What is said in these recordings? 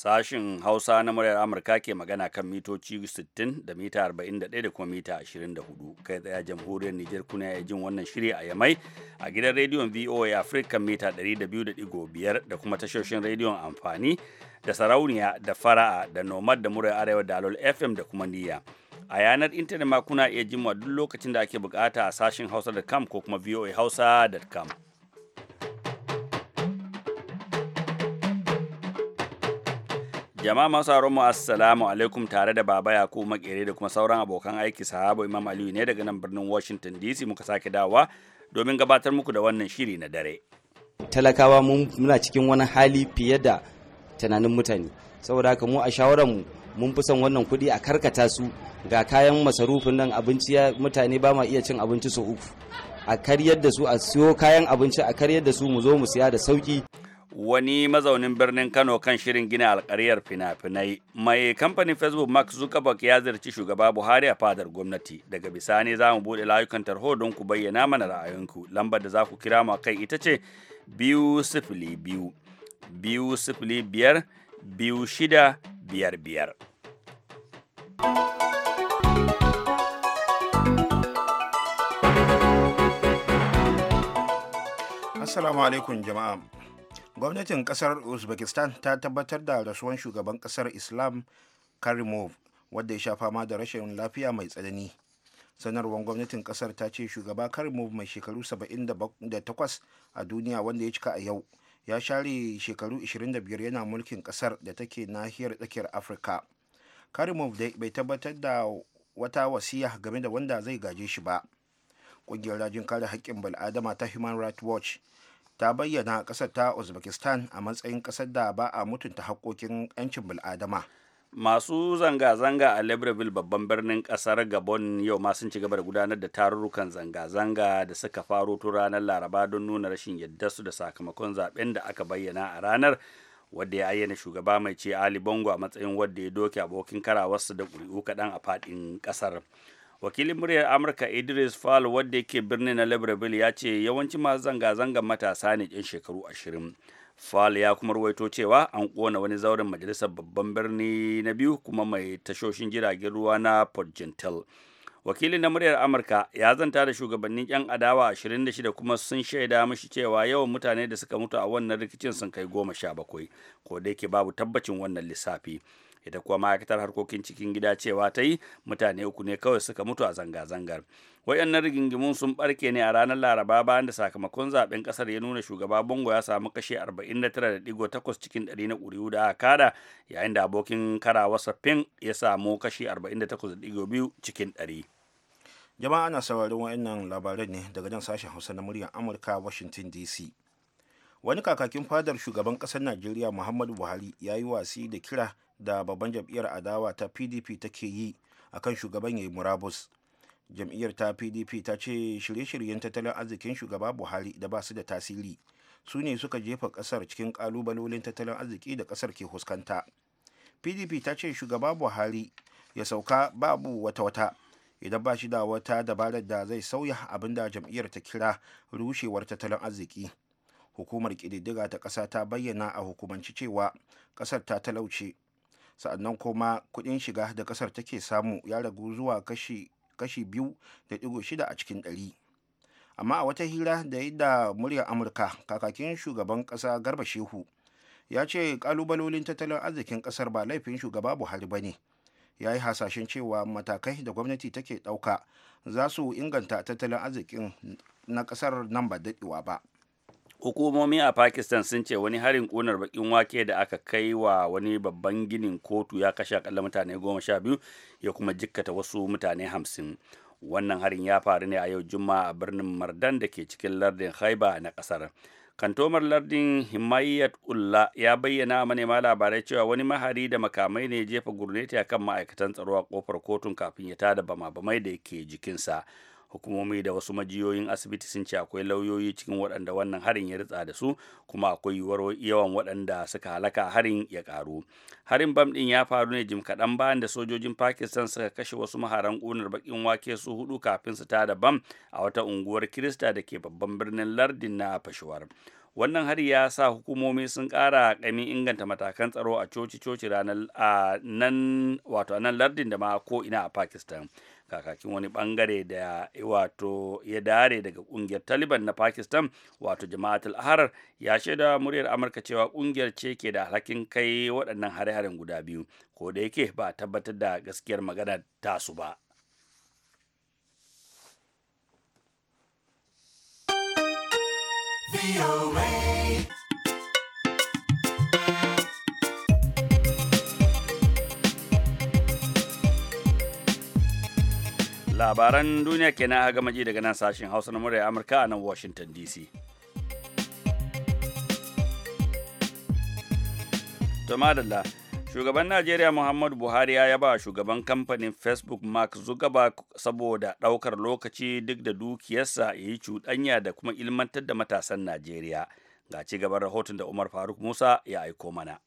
Sashin Hausa na muryar Amurka ke magana kan mitoci 60 da mita 41 da kuma mita 24. Kai tsaya jamhuriyar Nijar kuna ya jin wannan shiri a Yamai a gidan rediyon VOA Africa mita 200.5 da kuma tashoshin rediyon amfani da sarauniya da fara'a da nomad da muryar arewa da FM da kuma niyya. A yanar intanet ma kuna iya jin duk lokacin da ake bukata a sashin hausa.com ko kuma VOA Hausa.com. Jama'a masu haron mu assalamu alaikum tare da Baba Yakubu Makere da kuma sauran abokan aiki sahabo Imam Aliyu ne daga nan birnin Washington DC muka sake dawowa domin gabatar muku da wannan shiri na dare. Talakawa muna cikin wani hali fiye da tunanin mutane. Saboda haka mu a shawararmu mun fi son wannan kuɗi a karkata su ga kayan masarufin nan abinci mutane ba ma iya cin abinci su uku. A karyar da su a siyo kayan abinci a karyar da su mu zo mu siya da sauki wani mazaunin birnin Kano kan shirin gina alkariyar fina-finai. Mai kamfanin Facebook Mark Zuckerberg ya ziyarci shugaba Buhari a fadar gwamnati. Daga bisani za mu buɗe layukan tarho don ku bayyana mana ra'ayinku. Lambar da za ku kira mu kai ita ce biyu sifili biyu, biyu sifili biyar, biyu shida biyar biyar. Assalamu alaikum jama'a. gwamnatin kasar uzbekistan ta tabbatar da rasuwan shugaban kasar islam karimov wadda ya sha fama da rashin lafiya mai tsanani sanarwar gwamnatin kasar ta ce shugaba karimov mai shekaru 78 a duniya wanda ya cika a yau ya share shekaru 25 yana mulkin kasar da take nahiyar tsakiyar afirka karimov dai bai tabbatar da wata wasiya game da wanda zai gaje shi ba ƙungiyar rajin kare haƙƙin bal'adama ta human rights watch ta bayyana ƙasar ta uzbekistan a matsayin ƙasar da ba a mutunta haƙƙoƙin 'yancin bil'adama masu zanga-zanga a libreville babban birnin kasar gabon yau ma sun ci gaba da gudanar da tarurrukan zanga-zanga da suka faro tun ranar laraba don nuna rashin yadda su da sakamakon zaben da aka bayyana a ranar wadda ya ayyana shugaba mai ce ali bongo a matsayin wadda ya doke abokin karawarsa da ƙuri'u kaɗan a faɗin ƙasar. kasar wakilin muryar amurka idris fall wadda yake birnin na libreville ya ce yawanci masu zanga-zangar matasa ne yan shekaru ashirin faul ya kuma ruwaito cewa an kona wani zauren majalisar babban birni na biyu kuma mai tashoshin jiragen ruwa na Port wakilin na muryar amurka ya zanta da shugabannin yan adawa 26 kuma sun shaida mashi cewa yawan mutane da suka mutu a wannan rikicin sun kai goma sha bakwai ko da yake babu tabbacin wannan lissafi ita kuwa ma'aikatar harkokin cikin gida cewa ta yi mutane uku ne kawai suka mutu a zanga-zangar waɗannan rigingimun sun barke ne a ranar laraba bayan da sakamakon zaben ƙasar ya nuna shugaba bongo ya samu kashe 49.8 cikin 100 na ƙuri'u da aka kada yayin da abokin karawarsa ping ya samu kashe 48.2 cikin 100 jama'a na sauraron wa'annan labarai ne daga nan sashen hausa na muryar amurka washington dc wani kakakin fadar shugaban ƙasar najeriya muhammadu buhari ya yi wasi da kira da babban jam'iyyar adawa ta pdp take yi akan shugaban ya yi murabus jam'iyyar ta pdp ta ce shirye-shiryen tattalin arzikin shugaba buhari da ba su da tasiri su ne suka jefa kasar cikin kalubalolin tattalin arziki da kasar ke huskanta pdp ta ce shugaba buhari ya sauka babu wata-wata idan ba shi da wata dabarar da zai sauya abin da jam'iyyar ta kira rushewar tattalin arziki hukumar ƙididdiga ta ƙasa ta bayyana a hukumanci cewa ƙasar ta talauce sa'annan kuma kuɗin shiga da ƙasar take samu ya ragu zuwa kashi kashi biyu da digo shida a cikin ɗari amma a wata hira da yi da muryar amurka kakakin shugaban ƙasa garba shehu ya ce kalubalolin tattalin arzikin ƙasar ba laifin shugaba buhari ba ne ya yi hasashen cewa matakai da gwamnati take ɗauka za su inganta tattalin arzikin na ƙasar nan ba daɗewa ba hukumomi a pakistan sun ce wani harin ƙunar bakin wake da aka kai wa wani babban ginin kotu ya kashe akalla mutane goma sha biyu ya kuma jikkata wasu mutane hamsin wannan harin ya faru ne a yau juma'a a birnin mardan da ke cikin lardin haiba na kasar kantomar lardin himayat ulla ya bayyana manema labarai cewa wani mahari da makamai ne jefa gurneti a kan ma'aikatan tsaro a kofar kotun kafin ya tada bama-bamai da ke jikinsa hukumomi da wasu majiyoyin asibiti sun ce akwai lauyoyi cikin waɗanda wannan harin ya ritsa da su kuma akwai yiwuwar yawan waɗanda suka halaka harin ya ƙaru harin bam ɗin ya faru ne jim kaɗan bayan da sojojin pakistan suka kashe wasu maharan ƙunar baƙin wake su hudu kafin su tada bam a wata unguwar kirista da ke babban birnin lardin na fashewar wannan hari ya sa hukumomi sun kara ƙamin inganta matakan tsaro a coci-coci ranar nan wato nan lardin da ma ko ina a pakistan kakakin wani bangare da eh, wato ya dare daga kungiyar taliban na pakistan wato jama'atul harar ya shaida muryar amurka cewa kungiyar ce ke da alhakin kai waɗannan hare-haren guda biyu ko da yake ba tabbatar da gaskiyar magana tasu ba labaran duniya kenan haga maji daga nan sashen hausa na murya amurka a nan washington dc to madalla shugaban najeriya muhammadu buhari ya yaba shugaban kamfanin facebook mark zuckerberg saboda ɗaukar lokaci duk da dukiyarsa ya yi cuɗanya da kuma ilmantar da matasan najeriya ga ci gaban rahoton da umar faruk musa ya aiko mana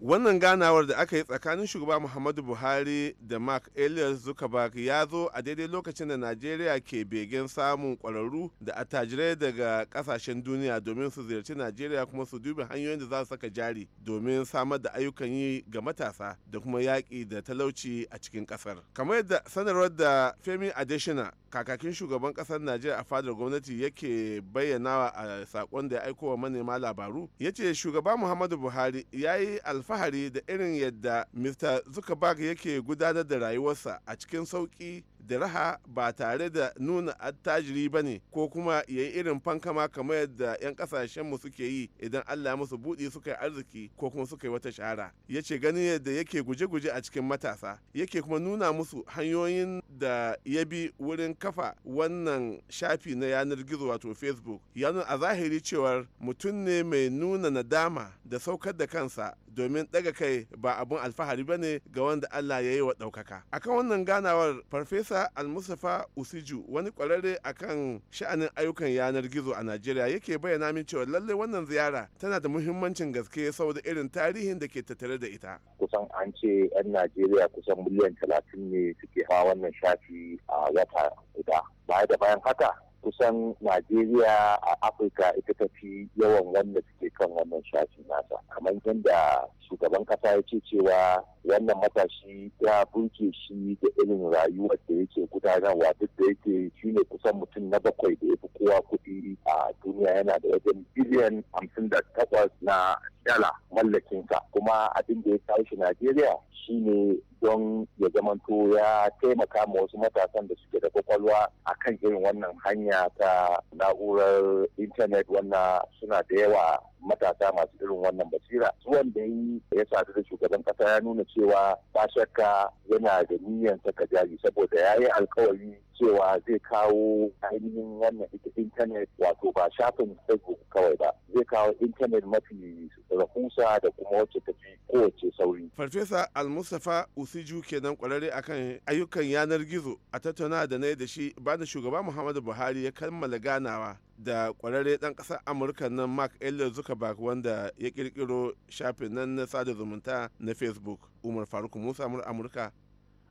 wannan ganawar da aka yi tsakanin shugaba muhammadu buhari da mark elias zuckerberg ya zo a daidai lokacin da najeriya ke begen samun kwararru da attajirai daga kasashen duniya domin su ziyarci najeriya kuma su dubi hanyoyin da za su saka jari domin samar da ayyukan yi ga matasa da kuma yaƙi da talauci a cikin ƙasar kamar yadda sanarwar da femi adeshina kakakin shugaban kasar najeriya a fadar gwamnati yake bayyanawa a sakon da ya aiko wa manema labaru ya ce shugaba muhammadu buhari ya yi alfahari da irin yadda mr zuckerberg yake gudanar da rayuwarsa a cikin sauki da raha ba tare da nuna attajiri ba ne ko kuma ya yi irin fankama kamar yadda 'yan kasashen mu suke yi idan Allah musu buɗe suka yi arziki ko kuma suka yi wata shahara ya ce ganin yadda yake guje-guje a cikin matasa yake kuma nuna musu hanyoyin da ya bi wurin kafa wannan shafi na yanar gizo wato facebook ya a zahiri cewar mutum ne mai nuna nadama da saukar da kansa domin daga kai ba abun alfahari ba ne ga wanda Allah ya yi wa ɗaukaka. Akan wannan ganawar Farfesa Almusafa Usiju wani kwararre akan sha'anin ayyukan yanar gizo a Najeriya yake bayyana min cewa lallai wannan ziyara tana da muhimmancin gaske saboda irin tarihin da ke tattare da ita. Kusan an ce 'yan Najeriya kusan miliyan talatin ne suke hawa wannan shafi a wata guda. Baya da bayan haka kusan najeriya a afirka ita ta fi yawan wanda suke kan wannan shafin nasa kamar yadda shugaban kasa ya ce cewa wannan matashi ya burke shi da irin rayuwar da yake gudanarwa duk da yake shi ne kusan mutum na bakwai da ya fi kowa kuɗi a duniya yana da wajen biliyan hamsin da takwas na dala mallakinsa kuma abin da ya kawo shi najeriya shine don ya zamanto ya taimaka ma wasu matasan da suke da kwakwalwa a kan irin wannan hanya ta na'urar intanet wannan suna da yawa matasa masu irin wannan basira Su wanda yi ya sadu da shugaban kasa ya nuna cewa ba shakka yana da niyyar saka jari saboda ya yi alkawari cewa zai kawo ainihin wannan intanet wato ba shafin facebook kawai ba zai kawo intanet mafi rahusa da kuma wacce tafi kowace sauri. farfesa almustapha usiju kenan kwararre akan ayyukan yanar gizo a tattauna da na da shi bani shugaba muhammadu buhari ya kammala ganawa da kwararre dan kasar amurka nan mark elliot zuckerberg wanda ya kirkiro shafin nan na sada zumunta na facebook umar faruk musa amurka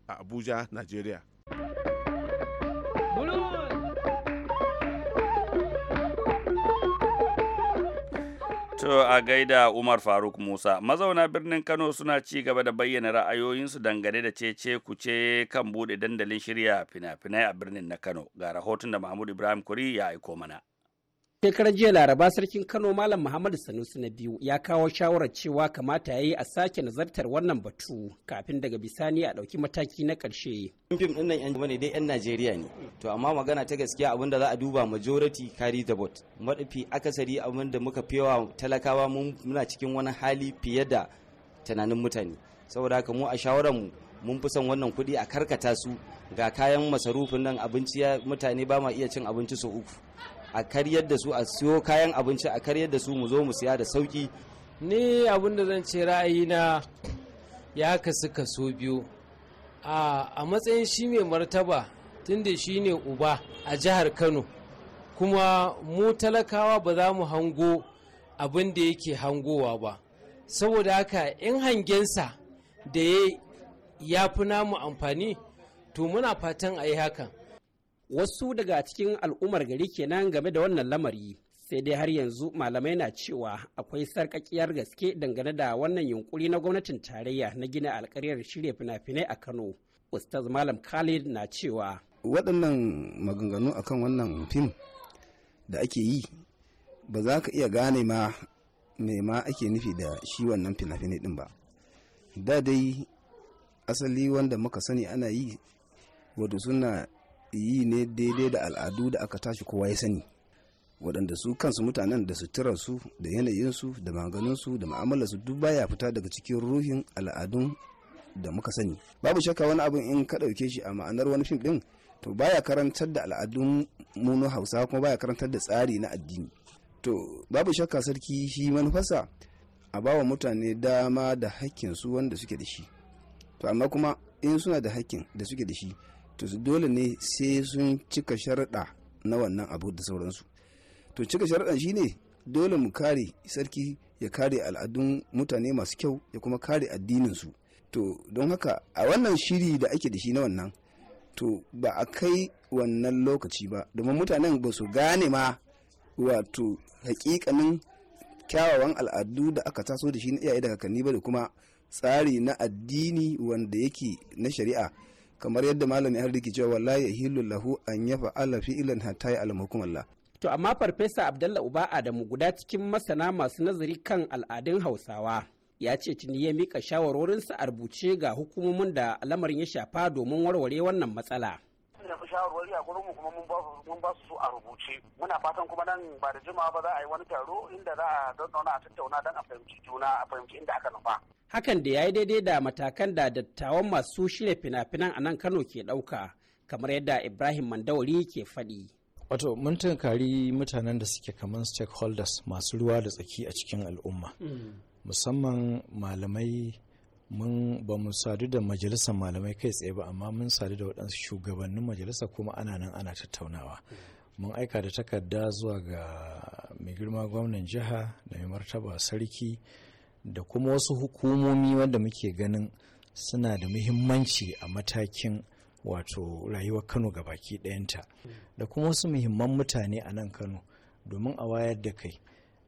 a abuja nigeria. To a gaida Umar Faruk Musa, mazauna birnin Kano suna ci gaba da bayyana ra'ayoyinsu dangane da cece kuce kan buɗe dandalin shirya fina-finai a birnin na Kano. Ga rahoton da Mahmud Ibrahim Kuri ya aiko mana. shekarar jiya laraba sarkin kano malam muhammadu sanusi na biyu ya kawo shawarar cewa kamata ya yi a sake nazartar wannan batu kafin daga bisani a ɗauki mataki na ƙarshe. fim ɗin nan 'yan ne dai 'yan najeriya ne to amma magana ta gaskiya abin da za a duba majority carry the vote madafi akasari abin da muka fewa talakawa muna cikin wani hali fiye da tunanin mutane saboda haka mu a shawarar mu mun fi son wannan kuɗi a karkata su ga kayan masarufin nan abinci mutane ba ma iya cin abinci su uku a karyar da su a siyo kayan abinci a karyar da su mu zo mu siya da sauki ni abin da zan ce ra'ayina ya kasu kaso biyu a matsayin shi mai martaba tunda shi ne uba a jihar kano kuma mu talakawa ba za mu hango abin da yake hangowa ba saboda haka in hangensa da ya fi namu amfani to muna fatan a yi hakan wasu daga cikin al'ummar gari kenan game da wannan lamari sai dai har yanzu malamai na cewa akwai sarkakiyar gaske dangane da wannan yunkuri na gwamnatin tarayya na gina alkaryar shirya fina-finai a kano ustaz malam khalid na cewa waɗannan maganganu akan wannan fim da ake yi ba za ka iya gane ma me ma ake nufi da shi wannan fina-finai ɗin ba da dai asali wanda muka sani ana yi wato suna yi ne daidai da al'adu da aka tashi kowa ya sani waɗanda su kansu mutanen da suturarsu da yanayinsu da maganinsu da ma'amalarsu duk baya fita daga cikin ruhin al'adun da muka sani babu shakka wani abin in ka ɗauke shi a ma'anar wani fim ɗin to baya karantar da al'adun muno hausa kuma baya karantar da tsari na addini to babu shakka sarki shi manufarsa a bawa mutane dama da hakkin su wanda suke da shi to amma kuma in suna da hakkin da suke da shi to dole ne sai sun cika sharaɗa na wannan abu da sauransu to cika sharaɗan shine dole mu kare sarki ya kare al'adun mutane masu kyau ya kuma kare addininsu to don haka a wannan shiri da ake da shi na wannan to ba a kai wannan lokaci ba domin mutanen ba su gane ma wato hakikanin kyawawan al'adu da aka taso da shi na iyaye da kakanni ba da kuma tsari na addini wanda yake na shari'a kamar yadda malami har rikice, cewa wallahi yahillu lahu an fi ilan hatta ya almukum to amma farfesa abdalla uba adamu guda cikin masana masu nazari kan al'adun hausawa ya ce tuni ya mika shawarorinsa a rubuce ga hukumomin da lamarin ya shafa domin warware wannan matsala da fi shawarwari a gurinmu kuma mun ba su a rubuce muna fatan kuma nan ba da jimawa ba za a yi wani taro inda za a zauna a tattauna don a fahimci juna a fahimci inda aka nufa hakan da ya yi daidai da matakan da dattawan masu shirya fina-finan a nan kano ke ɗauka kamar yadda ibrahim mandawari ke faɗi. wato mun tunkari mutanen da suke kamar stakeholders masu ruwa da tsaki a cikin al'umma hmm. musamman malamai mun ba mu sadu da majalisar malamai kai tsaye ba amma mun sadu da waɗansu shugabannin majalisa kuma ana nan ana tattaunawa hmm. mun aika da takarda zuwa ga mai girma gwamnan jiha da mai martaba sarki da kuma wasu hukumomi wanda muke ganin suna da muhimmanci a matakin wato rayuwar kano ga baki ɗayanta da kuma wasu muhimman mutane a nan kano domin a wayar da kai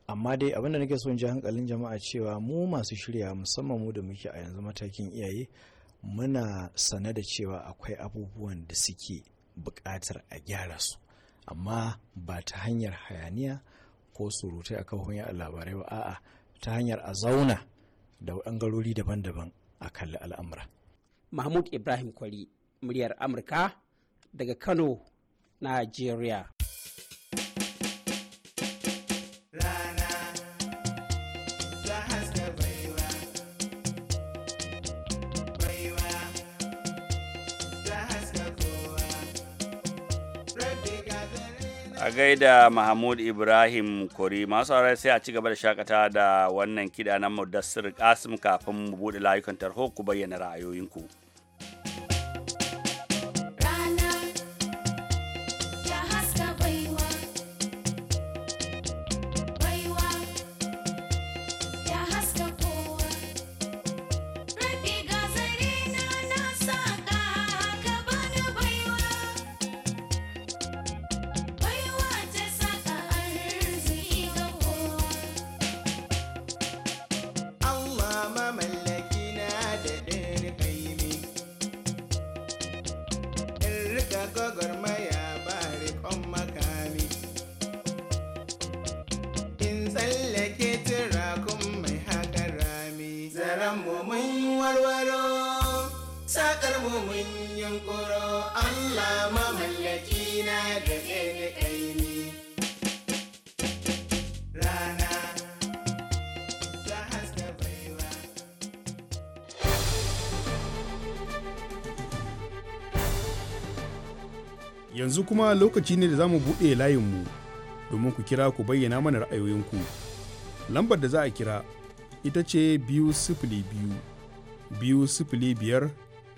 amma dai abinda nake son ji hankalin jama'a cewa mu masu shirya musamman mu da muke a yanzu matakin iyaye muna sane da cewa akwai abubuwan da suke buƙatar a gyara su amma ba ta hanyar hayaniya ko surutai a hanyar labarai ba a'a ta hanyar a zauna da ɓangarori daban-daban a kalli al'amura. Mahmud Ibrahim Kwari, muryar Amurka daga Kano, Najeriya. a gaida mahmud ibrahim kori masu aure sai a ci gaba da shakata da wannan kiɗa na mudassir kasim kafin mu buɗe layukan tarho ku bayyana ra'ayoyinku. sakar mu mun yunkuro Allah mamallaki na gare ni rana ta haska baiwa yanzu kuma lokaci ne da zamu buɗe mu domin ku kira ku bayyana mana ra'ayoyinku lambar da za a kira ita ce biyu sifili biyu biyu sifili biyar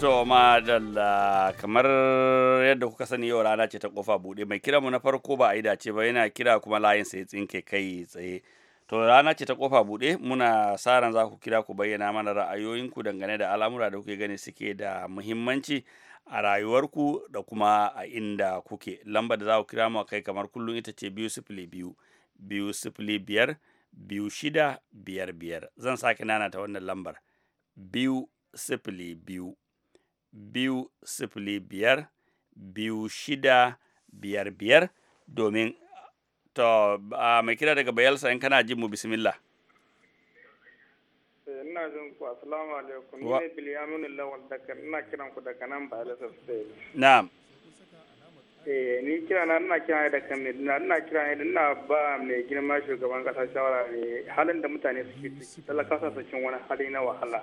To madalla kamar yadda kuka sani yau rana ce ta kofa buɗe mai kira mu na farko ba a yi dace ba yana kira kuma layin sai tsinke kai tsaye. To rana ce ta kofa buɗe muna sa ran za ku kira ku bayyana mana ra'ayoyinku dangane da al'amura da kuke gani suke da muhimmanci a rayuwarku da kuma a inda kuke. Lambar da za ku kira mu kai kamar kullum ita ce biyu sifili biyu biyu sifili biyar biyu shida biyar biyar. Zan sake nana ta wannan lambar biyu sifili biyu biyu sifili biyar biyu shida biyar biyar domin to mai kira daga bayelsa in kana jin mu bismillah eh, ina jin ku assalamu alaikum ni ne bilyaminu lawal daga ina kiran ku daga nan ba alasa state na'am eh ni kira na ina kira da kan ina ina kira ne ina ba mai girma shugaban kasa shawara ne halin da mutane suke ciki talakawa cikin wani hali na wahala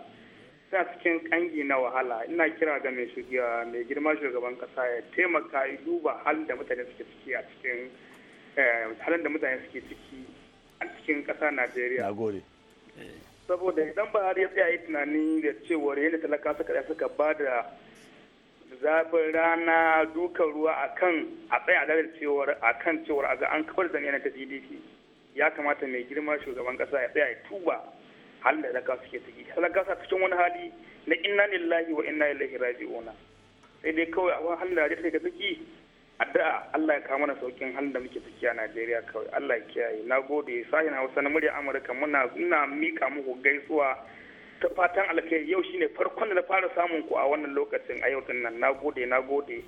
suna cikin kangi na wahala ina kira ga mai ah, mai girma shugaban kasa ya taimaka ya duba halin da mutane suke ciki a cikin eh, halin da mutane suke ciki a cikin kasa Najeriya. Nagode. Saboda idan ba har ya tsaya yi tunani da cewar yadda talaka suka suka ba da zafin rana dukan ruwa kan a tsaya da cewar kan cewar a ga an kawar da na ta DDP ya kamata mai girma shugaban kasa ya tsaya ya tuba halin da talakawa suke ciki talakawa sa cikin wani hali na inna lillahi wa inna ilaihi raji'una sai dai kawai a halin da ka take addu'a Allah ya kawo mana saukin halin da muke ciki a Najeriya kawai Allah ya kiyaye nagode sai sahin Hausa na murya Amurka muna ina mika muku gaisuwa ta fatan alkai yau shine farkon da na fara samun ku a wannan lokacin a yau din nan nagode nagode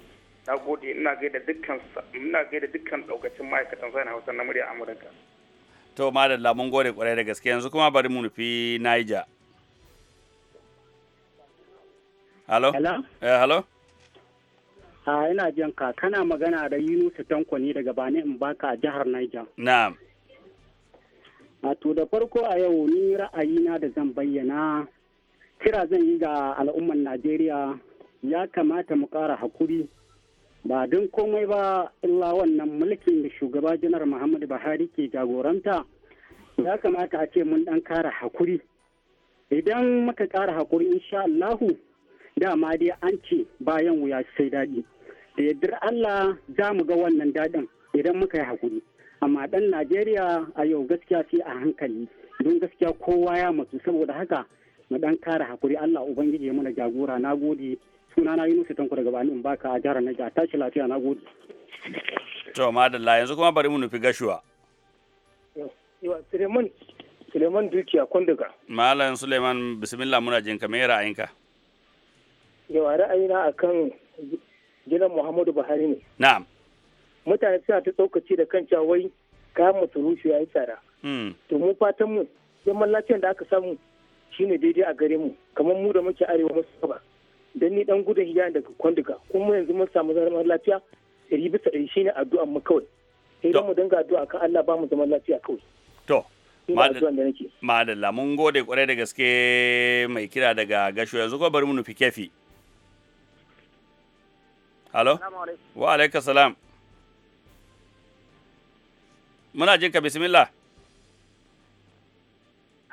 nagode ina gaida dukkan ina gaida dukkan daukacin ma'aikatan sahin Hausa na murya Amurka to madalla mun gode kwarai da gaske yanzu kuma bari mu nufi Niger Halo? Hello? Eh, ina jin ka kana magana da yunusa Tanko ne daga Bani in baka a jihar Niger. Na'am. A da farko a yau ni ra'ayi na da zan bayyana kira zan yi ga al'umman Najeriya ya kamata mu ƙara hakuri ba don komai ba illa wannan mulkin da shugaba janar muhammadu buhari ke jagoranta ya kamata a ce mun dan kara hakuri idan muka kara hakuri insha allahu dama dai an ce bayan wuya sai daɗi da yardar allah za mu ga wannan daɗin idan muka yi hakuri amma ɗan najeriya a yau gaskiya sai a hankali don gaskiya kowa ya matsu saboda haka mu dan kara hakuri allah ubangiji mana jagora na gode sunana Yunus Tanko daga Bani in baka a jihar Niger tashi lafiya na gode to madalla yanzu kuma bari mu nufi gashuwa yawa Suleiman Suleiman Dukiya Kondiga Malam Suleiman bismillah muna jin ka me ra'ayinka yawa ra'ayina akan gidan Muhammadu Buhari ne na'am mutane suna ta tsokaci da kan cewa wai kayan rushe ya yi tsada hmm. to mu fatan mu zaman lafiyan da aka samu shine daidai a gare mu kamar mu da muke arewa masu gaba dan ni dan gudun hijira daga kwanduka kuma yanzu mun samu zaman lafiya ɗari bisa ɗari shine addu'an mu kawai sai mu dinga addu'a kan Allah ba mu zaman lafiya kawai to madalla mun gode kwarai da gaske mai kira daga gasho yanzu ko bari mu nufi kefi halo wa alaikum salam muna jinka bismillah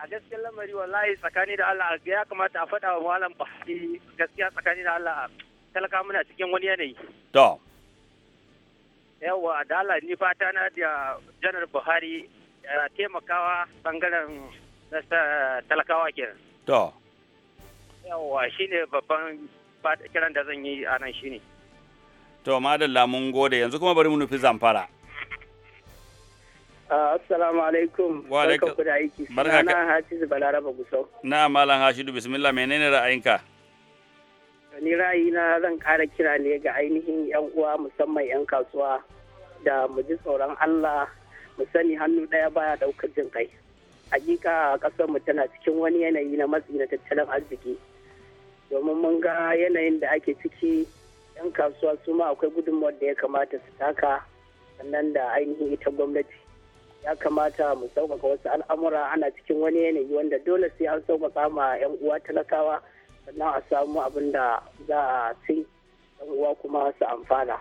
a gaskiyar lamari wallahi tsakani da Allah ya kamata a faɗa wa malam Buhari gaskiya tsakani da Allah talaka muna cikin wani yanayi. To. Yawwa adala ni fata na da janar Buhari ya taimakawa bangaren eh, talakawa kenan. To. Yawwa shine babban kiran da zan yi a nan shine. To madalla mun gode yanzu kuma bari mu nufi zamfara. Ah, assalamu alaikum. Wa alaikum. Barka da aiki. Barka ka. Hafizu Balaraba Na Malam Hashidu Bismillah menene ra'ayinka? Ni ra'ayina zan kara kira ne ga ainihin 'yan uwa musamman 'yan kasuwa da mu ji tsoron Allah mu sani hannu ɗaya baya ɗaukar jin kai. Hakika ƙasar mu tana cikin wani yanayi na matsi na tattalin arziki. Domin mun ga yanayin da ake ciki 'yan kasuwa su ma akwai gudunmawar da ya kamata su taka sannan da ainihin ita gwamnati. ya kamata mu sauƙaƙa wasu al'amura ana cikin wani yanayi wanda dole sai an sauƙaƙa ma 'yan uwa talakawa sannan a samu abin da za a sai 'yan uwa kuma su amfana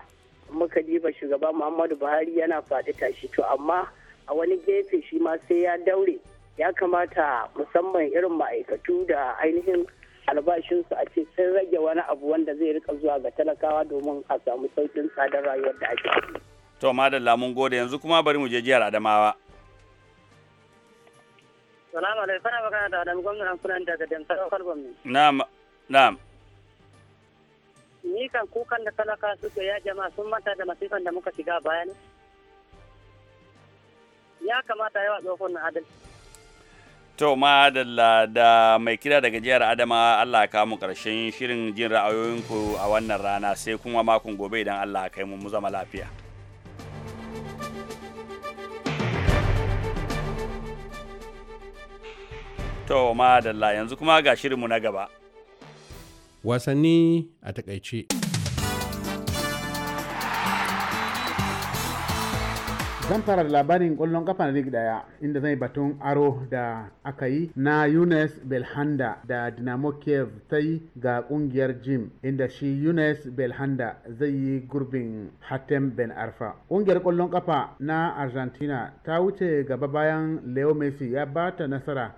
muka diba shugaba muhammadu buhari yana faɗi tashi to amma a wani gefe shi ma sai ya daure ya kamata musamman irin ma'aikatu da ainihin albashinsu a ce sun rage wani abu wanda zai rika zuwa ga talakawa domin a samu sauƙin tsadar rayuwar da ake to madalla mun gode yanzu kuma bari mu je jihar adamawa salamu alaikum kana magana da adam gwamnan kunan daga damsar lokal gwamnati na'am na'am ni kan kukan da talaka suke ya jama'a sun manta da masifan da muka shiga baya ne ya kamata yawa tsohon adal. To ma da mai kira daga jihar Adama Allah ka mu karshen shirin jin ra'ayoyinku a wannan rana sai kuma makon gobe idan Allah kai mu mu zama lafiya. To dalla yanzu kuma ga shirinmu na gaba. Wasanni a takaice. zan fara da labarin kwallon kafa ligi daya inda zai batun aro da aka yi na yunes Belhanda da Dinamo Kiev ta yi ga ƙungiyar Jim inda shi yunes Belhanda zai yi gurbin Hatem Ben Arfa. ƙungiyar kwallon kafa na Argentina ta wuce gaba bayan Leo Messi ya ba ta nasara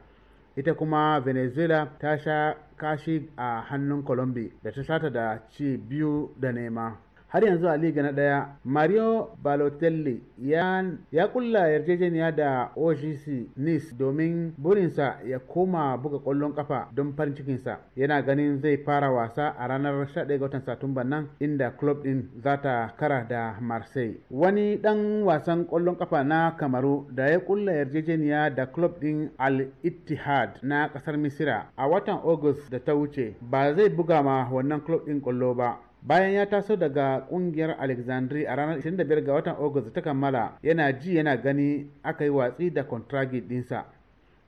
ita kuma venezuela ta sha kashi a hannun colombia da ta sata da ci biyu da nema har yanzu a liga na daya mario balotelli ya, kulla yarjejeniya da ogc nice domin burinsa ya koma buga kwallon kafa don farin cikinsa yana ganin zai fara wasa a ranar 11 ga watan satumba nan inda club din za ta kara da marseille wani dan wasan kwallon kafa na kamaru da ya kulla yarjejeniya da club din al ittihad na kasar misira a watan august da ta wuce ba zai buga ma wannan club din kwallo ba bayan ya taso daga kungiyar alexandria a ranar 25 ga watan agusta ta kammala yana ji yana gani aka yi watsi da kontragi dinsa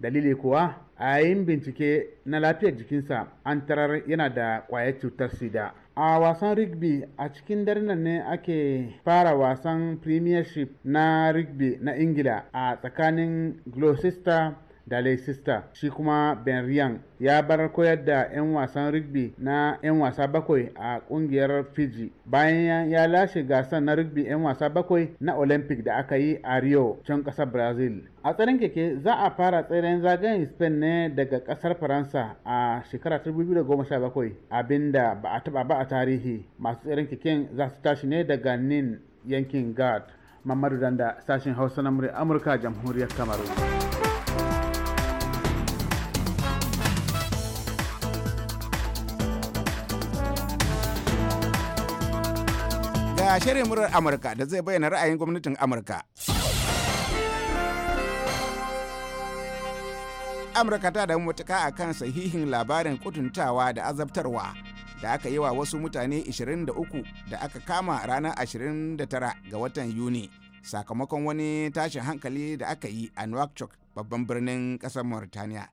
dalili kuwa a yayin bincike na lafiyar jikinsa an tarar yana da kwayar cutar sida a wasan rigby a cikin dare nan ne ake fara wasan premiership na rigby na ingila a tsakanin gloucester Daley Sister shi kuma Ben Ryan ya bar koyar da 'yan wasan rugby na 'yan wasa bakwai a kungiyar Fiji bayan ya lashe gasar na rugby 'yan wasa bakwai na Olympic da aka yi a Rio can kasar Brazil. A tsarin keke za a fara tseren zagayen Spain ne daga kasar Faransa a shekara 2017 abinda ba a taba ba a tarihi masu tseren keken za su tashi ne daga Nin yankin Gad. Mamadu Danda sashen Hausa na Amurka jamhuriyar Kamaru. a shirin murar Amurka da zai bayyana ra'ayin gwamnatin Amurka. Amurka ta damu matuka a kan sahihin labarin kutuntawa da azabtarwa da aka yi wa wasu mutane 23 da aka kama ranar 29 ga watan Yuni sakamakon wani tashin hankali da aka yi a Nouakchott babban birnin ƙasar Mauritania.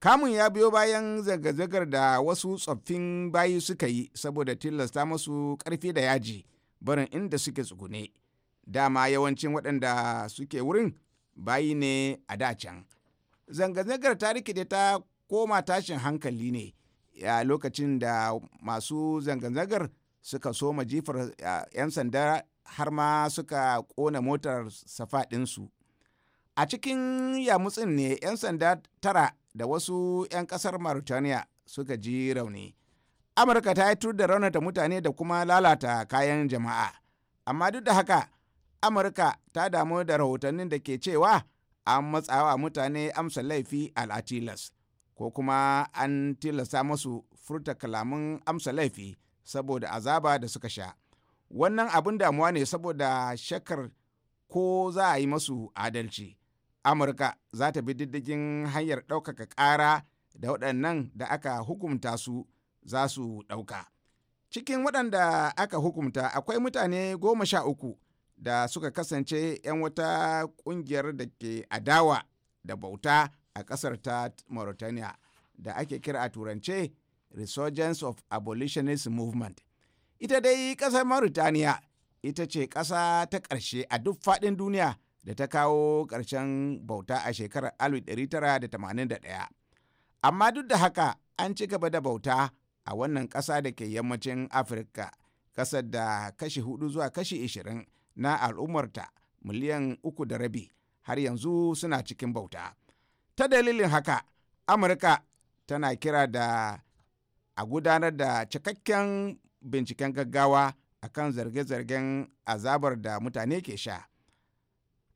Kamun ya biyo bayan zanga-zangar da wasu tsoffin bayi suka yi saboda tilasta masu ƙarfi da yaji barin inda suke tsugune dama yawancin waɗanda suke wurin bayi ne a da can zanga-zangar ta rikide ta koma tashin hankali ne a lokacin da masu zanga-zangar suka soma jifar 'yan sanda har ma suka kona motar safaɗinsu a cikin yamutsin ne 'yan sanda tara da wasu 'yan ƙasar mauritania suka ji rauni amurka ta yi da raunata mutane da kuma lalata kayan jama'a amma duk da haka amurka ta damu da rahotannin da ke cewa an matsawa mutane amsa laifi al'atilas ko kuma an tilasta masu furta kalamun amsa laifi saboda azaba da suka sha wannan abin damuwa ne saboda shakar ko za a yi masu adalci amurka za ta bi diddigin hanyar ɗaukaka ƙara da waɗannan da aka hukumta su za su ɗauka. Cikin waɗanda aka hukumta akwai mutane goma sha uku da suka kasance 'yan wata ƙungiyar da ke adawa da bauta a ƙasar ta Mauritania da ake kira a turance Resurgence of Abolitionist Movement. Ita dai ƙasar Mauritania ita ce ƙasa ta ƙarshe a duk faɗin duniya da ta kawo ƙarshen bauta a shekarar 1981. Amma duk da haka an ci gaba da bauta a wannan ƙasa da ke yammacin afirka ƙasar da kashi hudu zuwa kashi ishirin na al'ummarta miliyan uku da rabi har yanzu suna cikin bauta ta dalilin haka amurka tana kira da a gudanar da cikakken binciken gaggawa a kan zarge-zargen azabar da mutane ke sha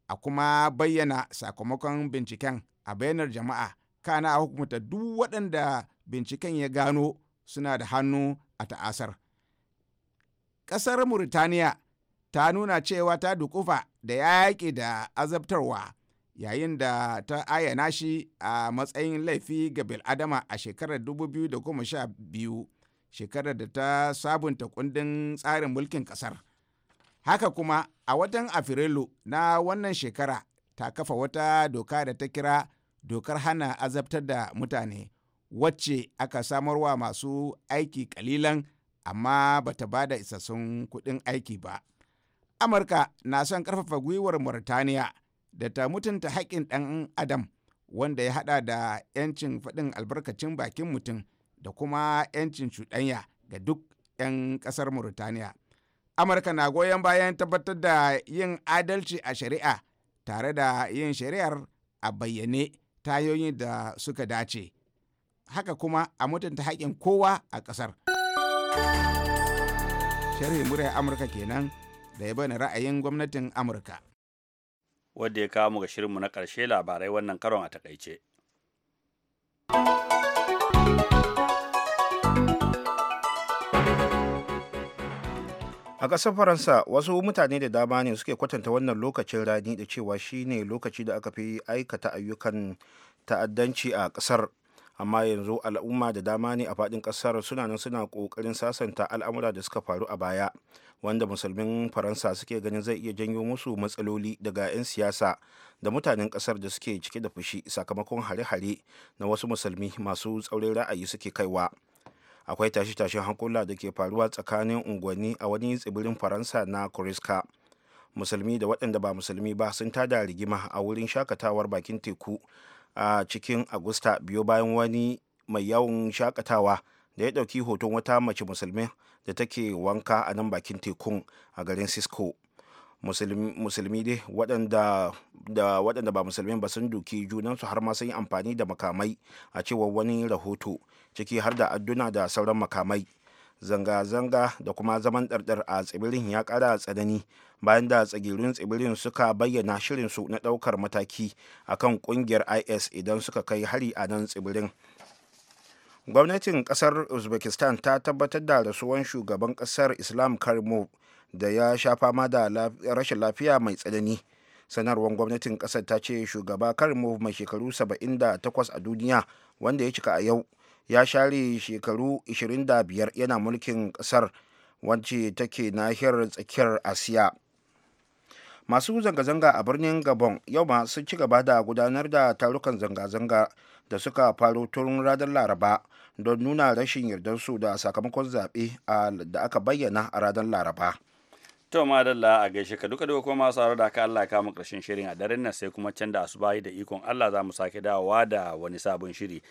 a kuma bayyana sakamakon binciken a bayanar jama'a kana a hukumta duk waɗanda binciken ya gano suna da hannu a ta'asar. Ƙasar Murtaniya ta nuna cewa ta dukufa da yaƙi da azabtarwa yayin da ta ayyana shi a matsayin laifi ga bil'adama a shekarar 2012 shekarar da ta sabunta kundin tsarin mulkin ƙasar. Haka kuma a watan Afrilu na wannan shekara ta kafa wata doka da ta kira dokar hana azabtar da mutane wacce aka samarwa masu aiki kalilan amma bata ba da isassun kuɗin aiki ba. Amurka na son ƙarfafa gwiwar murtaniya da ta mutunta haƙƙin ɗan Adam wanda ya haɗa da 'yancin faɗin albarkacin bakin mutum da kuma 'yancin cuɗanya ga duk 'yan ƙasar murtaniya Amurka na goyon bayan tabbatar da yin adalci a shari'a tare da yin shari'ar a bayyane tayoyin da suka dace. haka kuma a mutunta haƙƙin kowa a ƙasar. Sharhi muryar Amurka kenan da ya bani ra'ayin gwamnatin Amurka. Wadda ya kawo mu ga shirinmu na ƙarshe labarai wannan karon a takaice. a ƙasar faransa wasu mutane da dama ne suke kwatanta wannan lokacin rani da cewa shi ne lokaci da aka fi aikata ayyukan ta'addanci a ƙasar amma yanzu al'umma da dama ne a faɗin ƙasar suna nan suna ƙoƙarin sasanta al'amura da suka faru a baya wanda musulmin faransa suke ganin zai iya janyo musu matsaloli daga 'yan siyasa da mutanen ƙasar da suke cike da fushi sakamakon hare-hare na wasu musulmi masu tsaurin ra'ayi suke kaiwa akwai tashe-tashen hankula da ke faruwa tsakanin unguwanni a wani tsibirin faransa na kuriska musulmi da waɗanda ba musulmi ba sun tada rigima a wurin shakatawar bakin teku a cikin agusta biyo bayan wani mai yawon shakatawa da ya ɗauki hoton wata mace musulmi da take wanka a nan bakin tekun a garin cisco musulmi dai waɗanda waɗanda ba musulmi ba sun duki junansu har ma sun yi amfani da makamai a cewar wani rahoto ciki har da adduna da sauran makamai zanga-zanga da kuma zaman ɗarɗar a tsibirin ya ƙara tsanani bayan da tsagirin tsibirin suka bayyana shirinsu na ɗaukar mataki a kan ƙungiyar is idan suka kai hari a nan tsibirin gwamnatin ƙasar uzbekistan ta tabbatar da rasuwan shugaban ƙasar islam karimov da ya sha fama da rashin lafiya mai tsanani sanarwar gwamnatin ƙasar ta ce shugaba karimov mai shekaru 78 a duniya wanda ya cika a yau ya share shekaru 25 yana mulkin kasar wacce take nahiyar tsakiyar asiya masu zanga-zanga a birnin gabon yau ma sun ci gaba da gudanar da tarukan zanga-zanga da suka faru tun ranar laraba don nuna rashin yardarsu da sakamakon zaɓe da aka bayyana a ranar laraba to madalla a gaishe ka duka duka kuma masu da aka Allah ka mu karshen shirin a daren nan sai kuma can da asuba da ikon Allah za mu sake dawowa da wani sabon shiri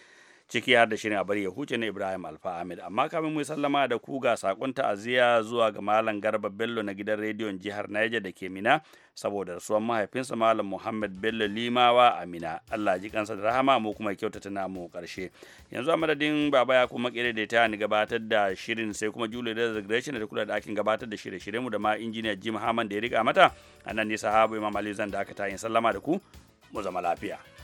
ciki har da shirin a bari ya huce na Ibrahim Alfa Ahmed amma kamin mu sallama da ku ga sakon ta'aziya zuwa ga Malam Garba Bello na gidan rediyon jihar Niger da ke Mina saboda rasuwar mahaifinsa Malam Muhammad Bello Limawa a Mina Allah ji kansa da rahama mu kuma kyautata namu karshe yanzu a madadin baba ya kuma kire da ta ni gabatar da shirin sai kuma Julie da Regression da kula da ake gabatar da shirye-shirye mu da ma injiniya Jim Haman da ya rika mata anan ne sahabu Imam Ali zan da aka ta sallama da ku mu zama lafiya